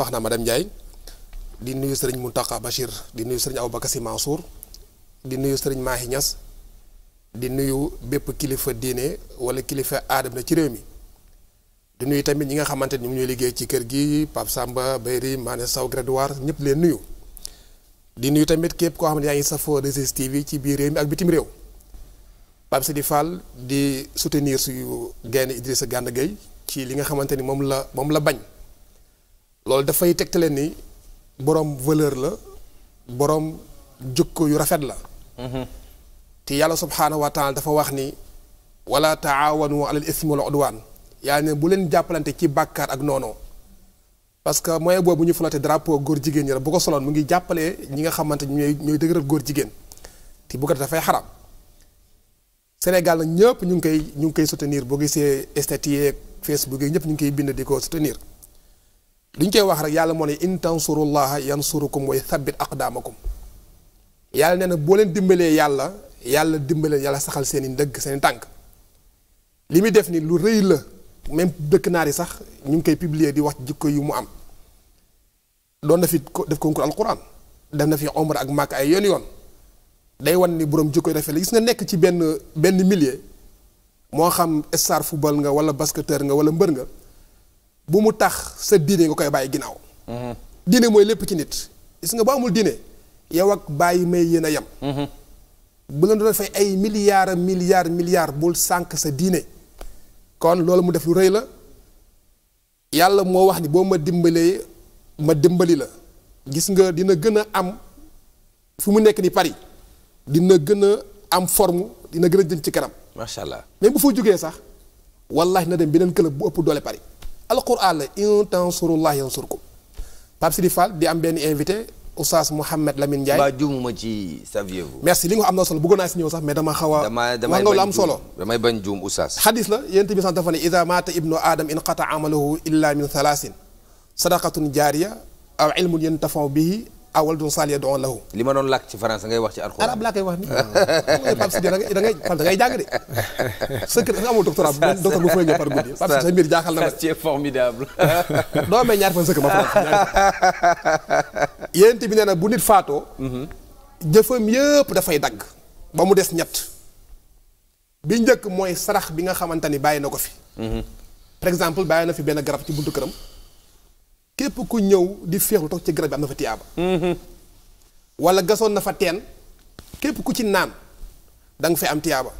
wax soxna madame Ndiaye di nuyu sëriñ Mountakha Bachir di nuyu sëriñ Aboubacar Sy Mansour di nuyu sëriñ Mahi di nuyu bépp kilifa diine wala kilifa aadam na ci réew mi di nuyu tamit ñi nga xamante ni ñuy liggéey ci kër gi Pape Samba Bayri Mané Sow Grédoire ñëpp leen nuyu. di nuyu tamit képp koo xam ne yaa ngi safoo Régis TV ci biir réew mi ak bitim réew Pape di Fall di soutenir suñu gaynde Idrissa Gana Gueye ci li nga xamante ni moom la moom la bañ. loolu dafay tegtale ni boroom valeur la boroom jukko yu rafet la mm-hmm. te yàlla subhaanahu wa taala dafa wax ni wala taawanu alal ismi wal udwaan yaa ne bu leen jàppalante ci bàkkaar ak noonoo parce que moyen boobu ñu flotte drapeau góor jigéen ñi la bu ko soloon mu ngi jàppalee ñi nga xamante ñooy ñooy dëgëral góor jigéen te bu ko dafay xarab Sénégal nag ñëpp ñu ngi koy ñu ngi koy soutenir boo gisee statut yeeg Facebook yi ñëpp ñu ngi koy bind di ko soutenir liñ koy wax rek yàlla moo ne in tansurullaha yansurukum wa yuthabbit aqdaamakum yàlla nee na boo leen dimbalee yàlla yàlla dimbalee yàlla saxal seen i ndëgg seeni tànk li muy def ni lu rëy la même dëkk naar yi sax ñu ngi koy publier di wax jikko yi mu am doon na fi def concours alquran def na fi omra ak màkk ay yoon yoon day wan ni borom jikko yu rafet la gis nga nekk ci benn benn milieu moo xam star football nga wala basketteur nga wala mbër nga bu mu tax sa diine nga koy bàyyi ginnaaw. Mhm. diine mooy lépp ci nit. gis nga boo amul diine yow ak bàyyi may yéen a yem. Mhm. bu la doon fay ay milliards milliards milliards bul sànq sa diine. kon loolu mu def lu rëy la yàlla moo wax ni boo ma dimbalee ma dimbali la gis nga dina gën a am fu mu nekk ni Paris dina gën a am forme dina gën a jëm ci karam macha allah même bu fa jógee sax wallaahi na dem beneen club bu ëpp doole Paris. alquran la in tansurullah yansurkum Pape Sidi Fall di am benn invité Oustaz Mouhamed Lamine Ndiaye. mbaa juumuma ci savier vous. merci li nga am na solo bëggoon naa si ñëw sax mais dama xaw a. damay damay am solo. damay bañ juum Oustaz. xadis la yéen tamit sax dafa ne ida maata ibnu Adam in qata amaluhu illa min thalaasin sadaqatun jaariya aw ilmun yantafaw bihi ah wala du saal yad'u lahu. li ma doon làkk ci français ngay wax ci alxuraan. arab laa koy wax ni ah, Pape Sidi da ngay da ngay Pape da ngay jàng de. sa kër nga amoo doctorat bu bu fay na ma. bu nit faatoo. Mhm. dafay dagg. ba mu des ñett. bi njëkk mooy sarax bi nga xamante ni bàyyi na ko fi. Mhm. par exemple bàyyi na fi benn garab ci buntu këram. képp ku ñëw di féexlu toog ci garab bi am na fa tiyaaba mm-hmm. wala gasoon na fa teen képp ku ci naan danga fay am tiyaaba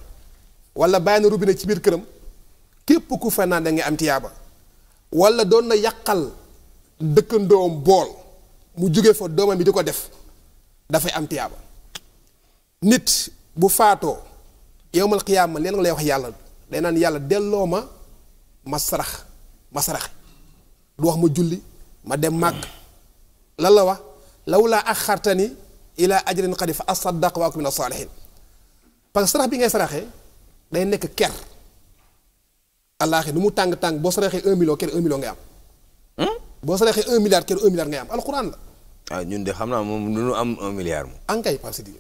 wala bàyyi na robinet ci biir këram képp ku fa naan da ngay am tiyaaba wala doon na yàqal dëkkandoom bool mu jóge fa doomam bi di ko def dafay am tiyaaba nit bu faatoo yowmal xiyaama leen nga lay wax yàlla day naan yàlla delloo ma ma sarax ma sarax du wax ma julli ma dem màkk lan la wax law laa ak axartani ilaa ajrin qariib fa asaddaq wa akun na saalihin parce que sarax bi ngay saraxee day nekk ker allaaxi nu mu tàng tàng boo saraxee un million ker un million ngay am hmm? boo saraxee un milliard ker un am alxuraan la waaw ah, ñun de xam naa moom du ñu am un milliard moom ankay parce que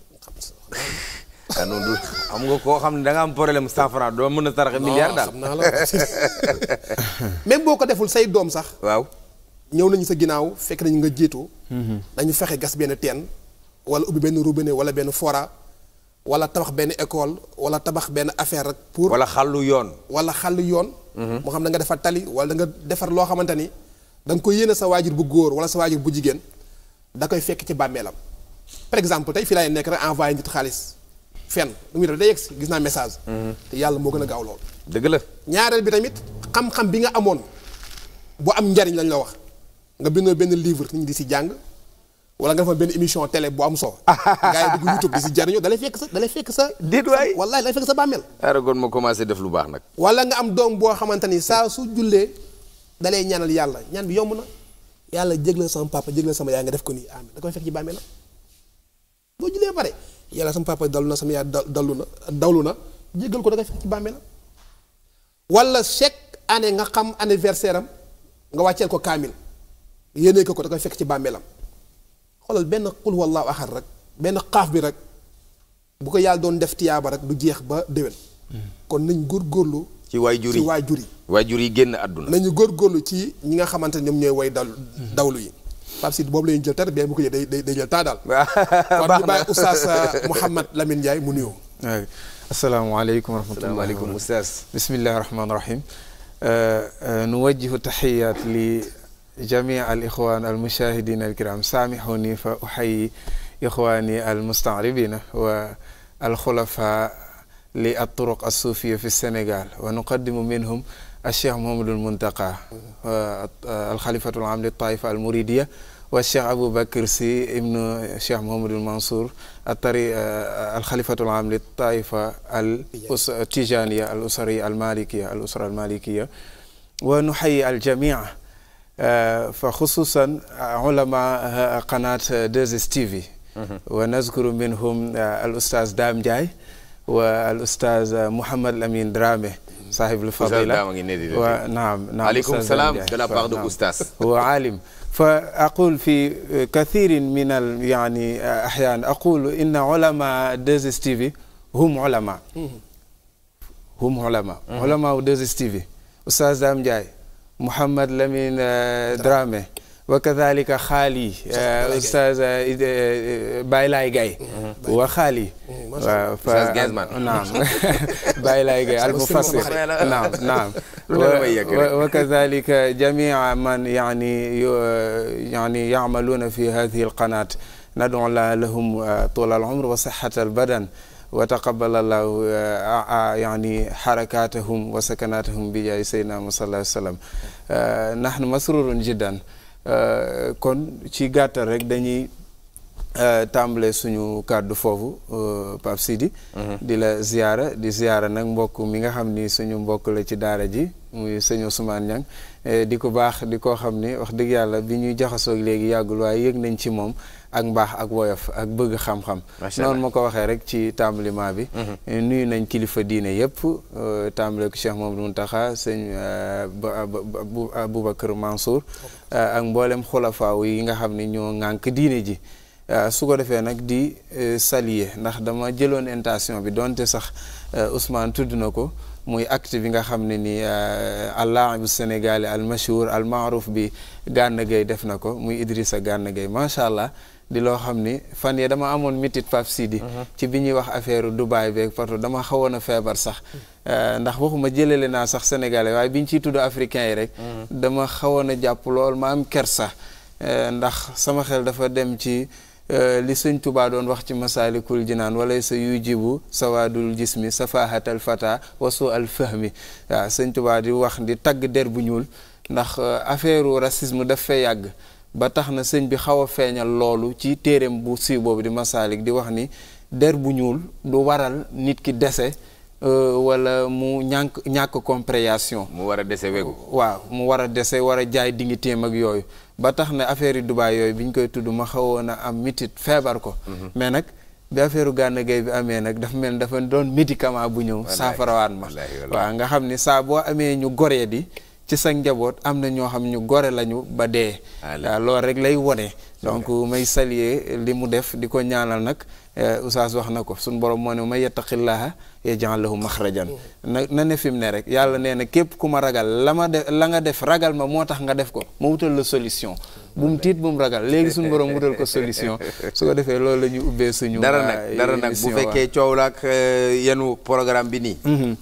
ah non du xam nga koo xam ne da am problème cent franc doo mën a saraxe milliard daal xam naa la même boo ko deful say doom sax waaw ñëw nañu sa ginnaaw fekk nañu nga jiitu. dañu mhm. fexe gas benn teen. wala ubbi benn robinet wala benn fora. wala tabax benn école wala tabax benn affaire rek pour. wala xàllu yoon. wala xàllu yoon. Mhm. moo xam da nga defar tali wala da nga defar loo xamante ni da koy yéene sa waajur bu góor wala sa waajur bu jigéen da koy fekk ci bàmmeelam. par exemple tey fii laay nekk rek envoyé nit xaalis fen lu muy def day yegg si gis naa message. Mhm. te yàlla moo gën a gaaw lool. la ñaareel bi tamit xam bi nga amoon bu am njariñ lañ la wax. nga bindoo benn livre nit ñi di si jàng wala nga defoon benn émision télé boo am soo gars yi dugg YouTube di si jariñoo dalay fekk sa dalay fekk sa déet waay wallaay dalay fekk sa bàmmeel aragoon ma commencé def lu baax nag wala nga am doom boo xamante ni saa su jullee dalay ñaanal yàlla ñaan bi yomb na yàlla jégal sama papa jégal sama yaay nga def ko nii amiin da koy fekk ci bàmmeel la boo jullee pare yàlla sama papa dalu na sama yaay dalu na dawlu na jégal ko da koy fekk ci bàmmeel la wala chaque année nga xam anniversaire am nga wàcceel ko kaamil yéene ko ko da fekk ci bàmmeelam xoolal benn xul wallaahu ahad rek benn xaaf bi rek bu ko yàlla doon def tiyaaba rek du jeex ba déwén. kon nañ góorgóorlu. ci waajur yi ci waajur yi. waajur yi génn àdduna. nañu góorgóorlu ci ñi nga xamante ne ñoom ñooy way dal dawlu yi. parce Sidi boobu la ñuy jël day day jël taa daal. baax na kon ñu bàyyi oustaz euh, Mouhamed Lamine Ndiaye mu nuyoo. waaw asalaamaaleykum wa rahmatulah. waaleykum oustaz. bisimilah rahmaani rahiim. Euh, euh, nu wajjihu taxiyaat li. jamii al ixwaan al mushahidin al kiram saamixuni fa uxayi ixwaani al mustaaribina wa al xulafa li al turuq al suufiya fi Sénégal wa nuqaddimu minhum al cheikh Mouhamadul Muntaqa al xalifatul am li taifa al muridiya wa cheikh Abou Bakr si ibnu cheikh Mouhamadul Mansour al tari al xalifatul am li taifa al tijaniya al usariya al malikiya al usra al malikiya wa nuxayi al jamii fa xususan ulama qanaat 2STV wa nazkuru minhum al ustaz Dame Ndiaye wa al ustaz Mouhamad Lamine Dramé sahib al fadila wa naam naam aleykum salaam de la part de oustaz wa alim فأقول في كثير من يعني أحيانا أقول إن علماء ديزيس تي في هم علماء هم علماء علماء ديزيس تي في أستاذ دام جاي Mouhamed Lamine euh, Dramé wa kadhalika xaali euh, oustaz euh, Baye Laye Gaye mhm. wa xaali mm, waaw fa naam Baye Laye Gaye al mufassir naam naam wa kadhalika jamia man yani yani yacmaluuna fi hadihi alqanaat nadcu laha lahum tula al umr wa sixata albadan wa taqabbalallahu uh, uh, yani harakatahum wa sakanatahum bi jaay sayyidina sallallahu alayhi wa sallam uh, nahnu masrurun jiddan kon ci gàttal rek dañuy tàmbale suñu kàddu foofu Pape Sidi mhm. di la ziyaara di ziyaara nag mbokk mi nga xam ni suñu mbokk la ci daara ji muy sëñ Ousmane Niang eh, di ko baax di koo xam ne wax dëgg yàlla bi ñuy jaxasoo léegi yàggul waaye yëg nañ ci moom ak mbaax ak woyof ak bëgg xam-xam noonu ma ko waxee rek ci tàmbaliment bi mhm. eh, nuyu nañ kilifa diine yëpp euh, tàmbale ko Cheikh Mamadou Mountakha sëñ euh, Aboubacar Mansour euh, ak mboolem xulafaaw yi nga xam ne ñu ŋànk diine ji su ko defee nag di saluer ndax dama jëloon intention bi donte sax Ousmane tudd na ko muy act bi nga xam ne ni euh, allahu sénégali al mashhur al maaruf bi Gana Gueye def na ko muy Idrissa Gana Gueye macha allah di loo xam ni fan yee dama amoon mitit Pape Sidi uh-huh. ci bi ñuy wax affaire Dubaay beeg partout dama xawoon a feebar sax euh, ndax waxuma jëlale naa sax sénégalais waaye bi ñu ciy tudd africain yi rek uh-huh. dama xawoon a jàpp lool ma am kersa euh, ndax sama xel dafa dem ci Euh, li sëñ tubaa doon wax ci masaalikul jinaan wala sa yuy jibu sawaadul jismi safahatal fata wasu al fahmi waaw sëñ tubaa di wax di tagg der bu ñuul ndax euh, affaireu racisme daf fee yàgg ba tax na sëñ bi xaw a feeñal loolu ci téereem bu siiw boobu di masaalik di wax ni der bu ñuul du waral nit ki dese Euh, wala mu ñànk ñàkk compréhension. mu war a dese wegu. waaw mu war a dese war a jaay digganteem ak yooyu ba tax na affaire yu Dubaay yooyu bi ñu koy tudd ma xawoon a am mitit feebar ko. Mhm. mais nag bi affaire Gana bi amee nag dafa mel dafa doon médicament bu ñëw. saafarawaat ma waa nga xam ni saa boo amee ñu goree di. ci sa njaboot am na ñoo xam ñu gore lañu ba dee. waaw loolu rek lay wone donc may saluer li mu def di ko ñaanal nag. Eh, Oustaz wax na ko suñu borom moo ne may yattaqillaaha yaj'al la maxrajan na na ne fi mu ne rek yàlla nee na képp ku ma ragal la ma def la nga def ragal ma moo tax nga def ko ma wutal la solution bu mu tiit bu mu ragal léegi suñu borom wutal ko solution su ko defee loolu la ñu ubbee suñu dara nag dara nag bu fekkee coow la ak eh, yenu programme bi nii mhm.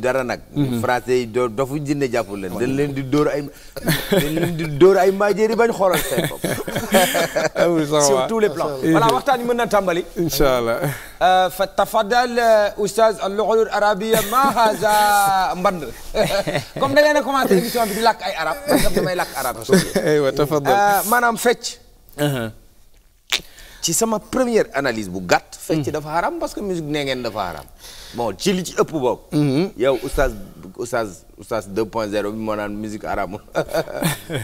dara nag. Mhm. français yi doo dofu jinne jàppul leen. leen di dóor ay dañ bañ xoolal seen tous les plans. Mhm. voilà waxtaan yi mën na tàmbali. incha allah. Euh, fa tafadal euh, oustaz al-lughal al ma haza mband. comme da ngeen a commencé émission bi di làkk ay arab man damay làkk arab. aywa tafadal euh, maanaam ci sama première analyse bu gàtt. fecc hmm. dafa haram parce que musique nee ngeen dafa haram. bon ci li ci ëpp bokk. Hmm. yow oustaz oustaz oustaz 2.0 bi moo naan musique haramul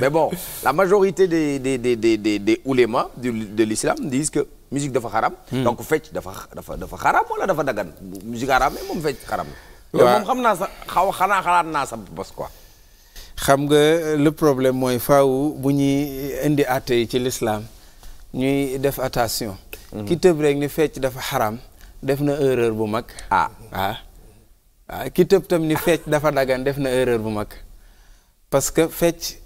bon la majorité des des des des des des oulémas de de dafa haram. Hmm. donc fecc dafa dafa dafa haram dafa dagan musique haram mais moom fecc haram la. moom xam naa sa xaw xanaa xalaat naa sa bos quoi. xam nga le problème mooy faaw bu ñuy indi àtte ci lislaam ñuy def attention. Mhm. ki tëb rek ni fecc dafa xaram def na erreur bu mag. ah ah ah ki tëb tam ni fecc dafa dagan def na erreur bu mag parce que fecc